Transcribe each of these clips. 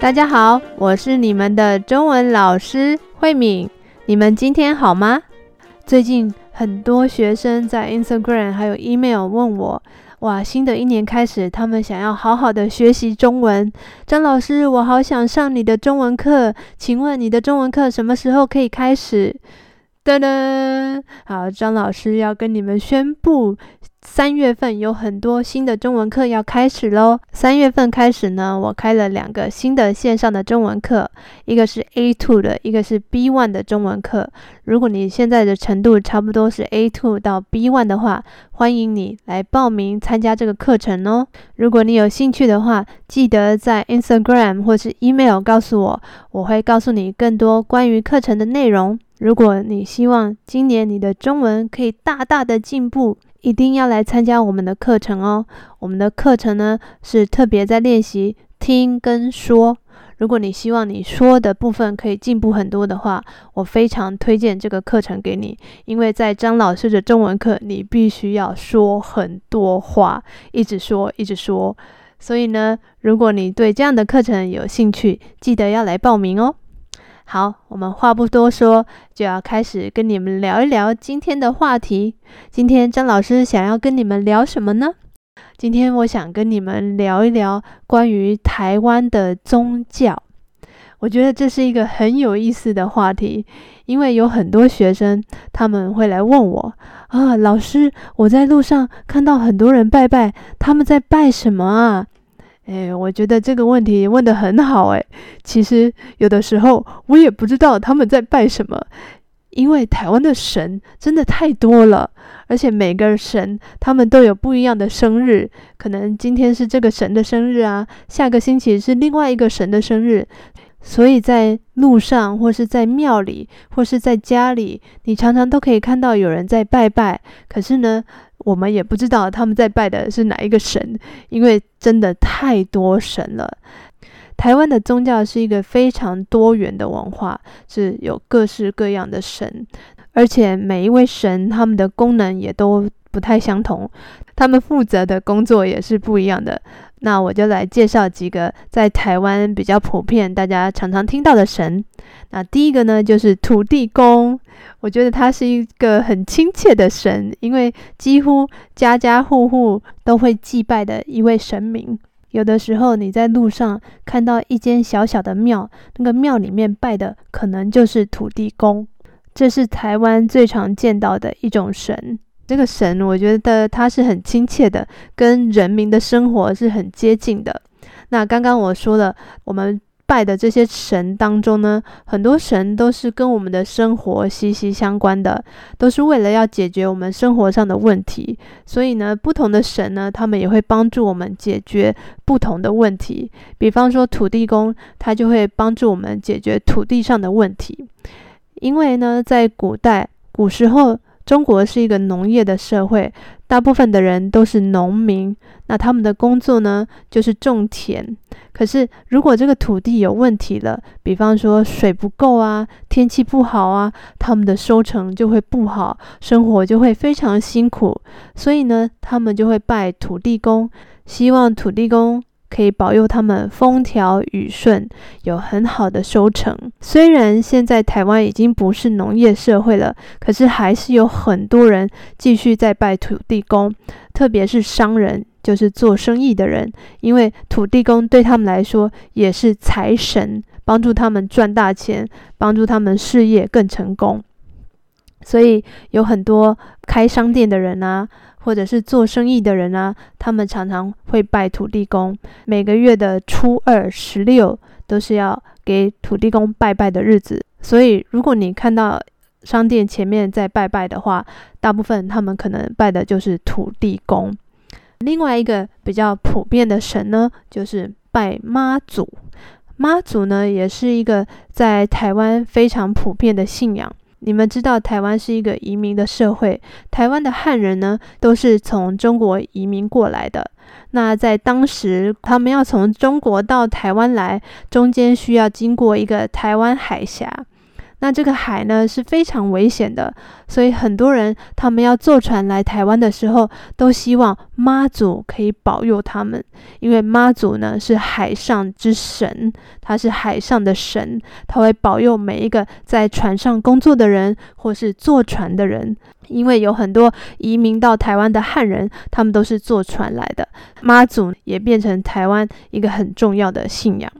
大家好，我是你們的中文老師慧敏。你們今天好嗎？最近很多學生在 Instagram 還有 Email 問我，哇，新的一年開始，他們想要好好的學習中文。張老師，我好想上你的中文課，請問你的中文課什麼時候可以開始？噔噔，好，張老師要跟你們宣布。三月份有很多新的中文課要開始嘍。三月份開始呢，我開了兩個新的線上的中文課，一個是 A2 的，一個是 B1 的中文課。如果你現在的程度差不多是 A2 到 B1 的話，歡迎你來報名參加這個課程哦。如果你有興趣的話，記得在 Instagram 或是 email 告訴我，我會告訴你更多關於課程的內容。如果你希望今年你的中文可以大大的進步，一定要來參加我們的課程哦！我們的課程呢，是特別在練習聽跟說。如果你希望你說的部分可以進步很多的話，我非常推薦這個課程給你。因為在張老師的中文課，你必須要說很多話，一直說，一直說。所以呢，如果你對這樣的課程有興趣，記得要來報名哦。好，我們話不多說，就要開始跟你們聊一聊今天的話題。今天張老師想要跟你們聊什麼呢？今天我想跟你們聊一聊關於台灣的宗教。我覺得這是一個很有意思的話題，因為有很多學生他們會來問我啊，老師，我在路上看到很多人拜拜，他們在拜什麼啊？哎，我覺得這個問題問得很好。哎，其實有的時候我也不知道他們在拜什麼，因為台灣的神真的太多了，而且每個神他們都有不一樣的生日。可能今天是這個神的生日啊，下個星期是另外一個神的生日。所以在路上，或是在廟裡，或是在家裡，你常常都可以看到有人在拜拜。可是呢，我們也不知道他們在拜的是哪一個神，因為真的太多神了。台灣的宗教是一個非常多元的文化，是有各式各樣的神，而且每一位神他們的功能也都不太相同，他們負責的工作也是不一樣的。那我就來介紹幾個在台灣比較普遍、大家常常聽到的神。那第一個呢，就是土地公。我覺得他是一個很親切的神，因為幾乎家家戶戶都會祭拜的一位神明。有的時候你在路上看到一間小小的廟，那個廟裡面拜的可能就是土地公。這是台灣最常見到的一種神。這個神，我覺得他是很親切的，跟人民的生活是很接近的。那剛剛我說的，我們拜的這些神當中呢，很多神都是跟我們的生活息息相關的，都是為了要解決我們生活上的問題。所以呢，不同的神呢，他們也會幫助我們解決不同的問題。比方說土地公，他就會幫助我們解決土地上的問題，因為呢，在古代古時候，中國是一個農業的社會，大部分的人都是農民。那他們的工作呢，就是種田。可是，如果這個土地有問題了，比方說水不夠啊，天氣不好啊，他們的收成就會不好，生活就會非常辛苦。所以呢，他們就會拜土地公，希望土地公。可以保佑他們風調雨順，有很好的收成。雖然現在台灣已經不是農業社會了，可是還是有很多人繼續在拜土地公，特別是商人，就是做生意的人，因為土地公對他們來說也是財神，幫助他們賺大錢，幫助他們事業更成功。所以有很多開商店的人啊。或者是做生意的人啊，他們常常會拜土地公，每個月的初二、十六都是要給土地公拜拜的日子。所以，如果你看到商店前面在拜拜的話，大部分他們可能拜的就是土地公。另外一個比較普遍的神呢，就是拜媽祖。媽祖呢，也是一個在台灣非常普遍的信仰。你們知道，台灣是一個移民的社會。台灣的漢人呢，都是從中國移民過來的。那在當時，他們要從中國到台灣來，中間需要經過一個台灣海峽。那這個海呢，是非常危險的，所以很多人，他們要坐船來台灣的時候，都希望媽祖可以保佑他們，因為媽祖呢，是海上之神，他是海上的神，他會保佑每一個在船上工作的人，或是坐船的人，因為有很多移民到台灣的漢人，他們都是坐船來的，媽祖也變成台灣一個很重要的信仰。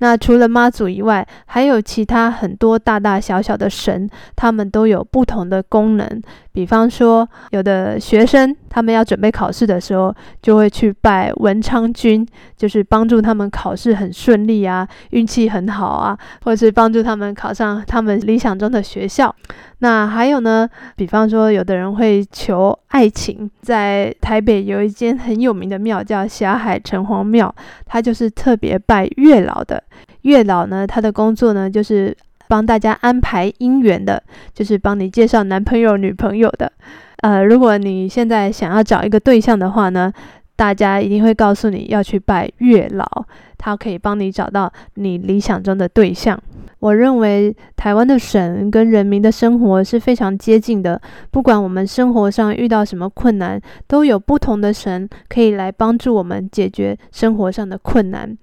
那除了媽祖以外，還有其他很多大大小小的神，他們都有不同的功能。比方說，有的學生他們要準備考試的時候，就會去拜文昌君，就是幫助他們考試很順利啊，運氣很好啊，或是幫助他們考上他們理想中的學校。那還有呢，比方說，有的人會求愛情，在台北有一間很有名的廟叫霞海城隍廟，它就是特別拜月老的。月老呢，他的工作呢，就是幫大家安排姻緣的，就是幫你介紹男朋友、女朋友的。呃，如果你現在想要找一個對象的話呢，大家一定會告訴你要去拜月老，他可以幫你找到你理想中的對象。我認為台灣的神跟人民的生活是非常接近的，不管我們生活上遇到什麼困難，都有不同的神可以來幫助我們解決生活上的困難。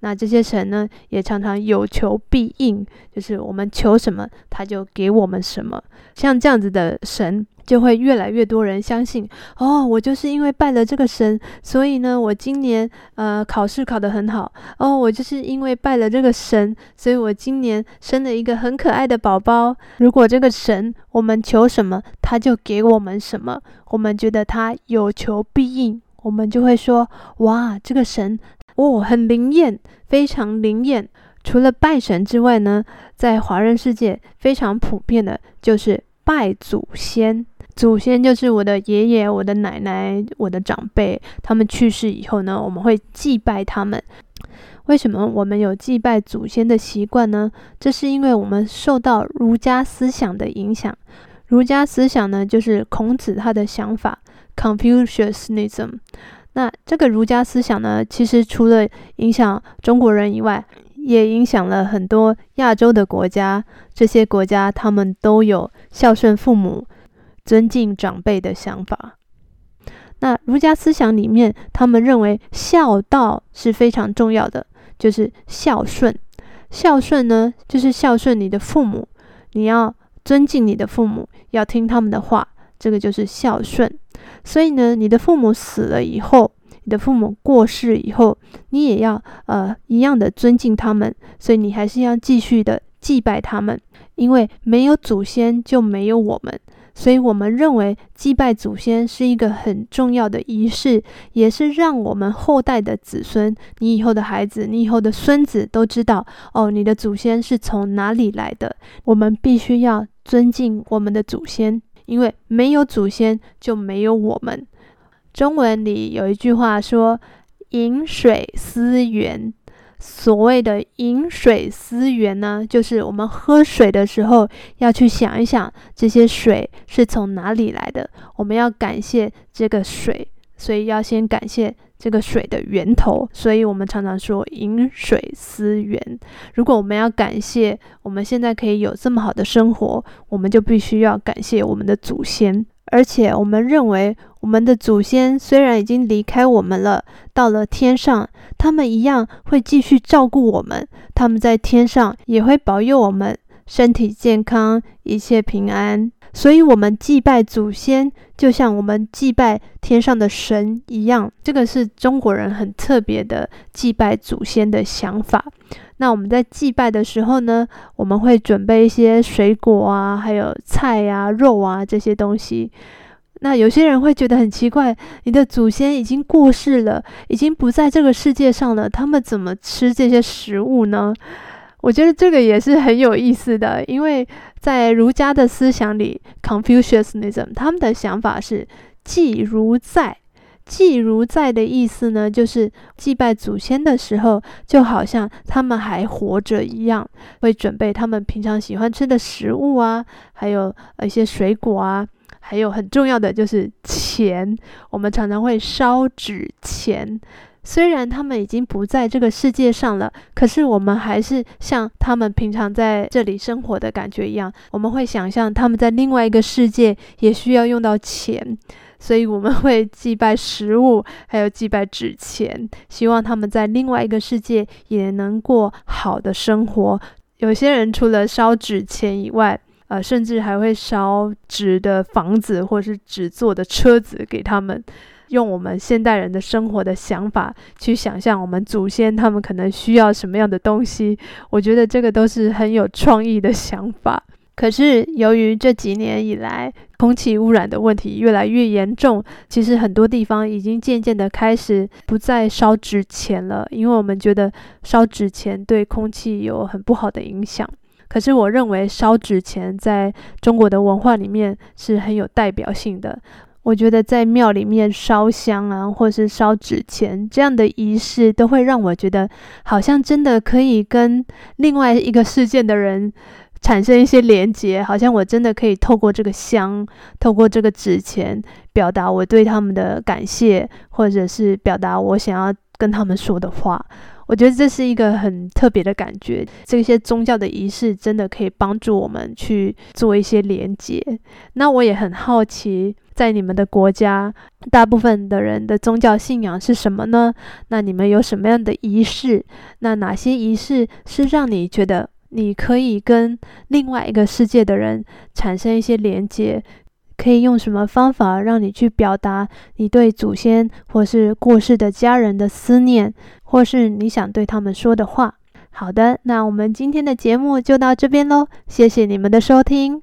那這些神呢，也常常有求必應，就是我們求什麼，他就給我們什麼。像這樣子的神，就會越來越多人相信哦，我就是因為拜了這個神，所以呢，我今年呃考試考得很好哦，我就是因為拜了這個神，所以我今年生了一個很可愛的寶寶。如果這個神我們求什麼，他就給我們什麼，我們覺得他有求必應，我們就會說哇，這個神哦很靈驗，非常靈驗。除了拜神之外呢，在華人世界非常普遍的就是拜祖先。祖先就是我的爺爺、我的奶奶、我的長輩。他們去世以後呢，我們會祭拜他們。為什麼我們有祭拜祖先的習慣呢？這是因為我們受到儒家思想的影響。儒家思想呢，就是孔子他的想法 Confucianism。那這個儒家思想呢，其實除了影響中國人以外，也影響了很多亞洲的國家。這些國家他們都有孝順父母。尊敬長輩的想法。那儒家思想裡面，他們認為孝道是非常重要的，就是孝順。孝順呢，就是孝順你的父母，你要尊敬你的父母，要聽他們的話，這個就是孝順。所以呢，你的父母死了以後，你的父母過世以後，你也要呃一樣的尊敬他們。所以你還是要繼續的祭拜他們，因為沒有祖先就沒有我們。所以我們認為，祭拜祖先是一個很重要的儀式，也是讓我們後代的子孫、你以後的孩子、你以後的孫子都知道哦，你的祖先是從哪裡來的。我們必須要尊敬我們的祖先，因為沒有祖先就沒有我們。中文裡有一句話說：“飲水思源。”所謂的飲水思源呢，就是我們喝水的時候要去想一想這些水是從哪裡來的，我們要感謝這個水，所以要先感謝這個水的源頭，所以我們常常說飲水思源。如果我們要感謝我們現在可以有這麼好的生活，我們就必須要感謝我們的祖先，而且我們認為我們的祖先雖然已經離開我們了，到了天上，他們一樣會繼續照顧我們，他們在天上也會保佑我們身體健康，一切平安。所以，我們祭拜祖先，就像我們祭拜天上的神一樣。這個是中國人很特別的祭拜祖先的想法。那我們在祭拜的時候呢，我們會準備一些水果啊，還有菜啊、肉啊這些東西。那有些人會覺得很奇怪，你的祖先已經過世了，已經不在這個世界上了，他們怎麼吃這些食物呢？我覺得這個也是很有意思的，因為在儒家的思想裡，Confucianism，他們的想法是祭如在，祭如在的意思呢，就是祭拜祖先的時候，就好像他們還活着一樣，會準備他們平常喜歡吃的食物啊，還有一些水果啊。還有很重要的就是錢，我們常常會燒紙錢。雖然他們已經不在這個世界上了，可是我們還是像他們平常在這裡生活的感覺一樣，我們會想象他們在另外一個世界也需要用到錢，所以我們會祭拜食物，還有祭拜紙錢，希望他們在另外一個世界也能過好的生活。有些人除了燒紙錢以外，甚至還會燒紙的房子，或是紙做的車子給他們，用我們現代人的生活的想法去想象我們祖先他們可能需要什麼樣的東西。我覺得這個都是很有創意的想法。可是由於這幾年以來空氣污染的問題越來越嚴重，其實很多地方已經漸漸的開始不再燒紙錢了，因為我們覺得燒紙錢對空氣有很不好的影響。可是，我認為燒紙錢在中國的文化裡面是很有代表性的。我覺得在廟裡面燒香啊，或是燒紙錢這樣的儀式，都會讓我覺得好像真的可以跟另外一個世界的人。產生一些連結，好像我真的可以透過這個香，透過這個紙錢，表達我對他們的感謝，或者是表達我想要跟他們說的話。我覺得這是一個很特別的感覺。這些宗教的儀式真的可以幫助我們去做一些連結。那我也很好奇，在你們的國家，大部分的人的宗教信仰是什麼呢？那你們有什麼樣的儀式？那哪些儀式是讓你覺得？你可以跟另外一個世界的人產生一些連接，可以用什麼方法讓你去表達你對祖先或是過世的家人的思念，或是你想對他們說的話？好的，那我們今天的節目就到這邊嘍，謝謝你們的收聽。